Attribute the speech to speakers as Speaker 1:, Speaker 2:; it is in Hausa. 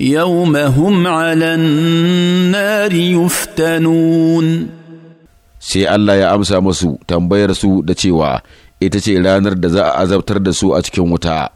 Speaker 1: يوم هم على النار يفتنون
Speaker 2: sai Allah ya amsa masu tambayar su da cewa ita ce ranar da
Speaker 3: za a azabtar da su a cikin wuta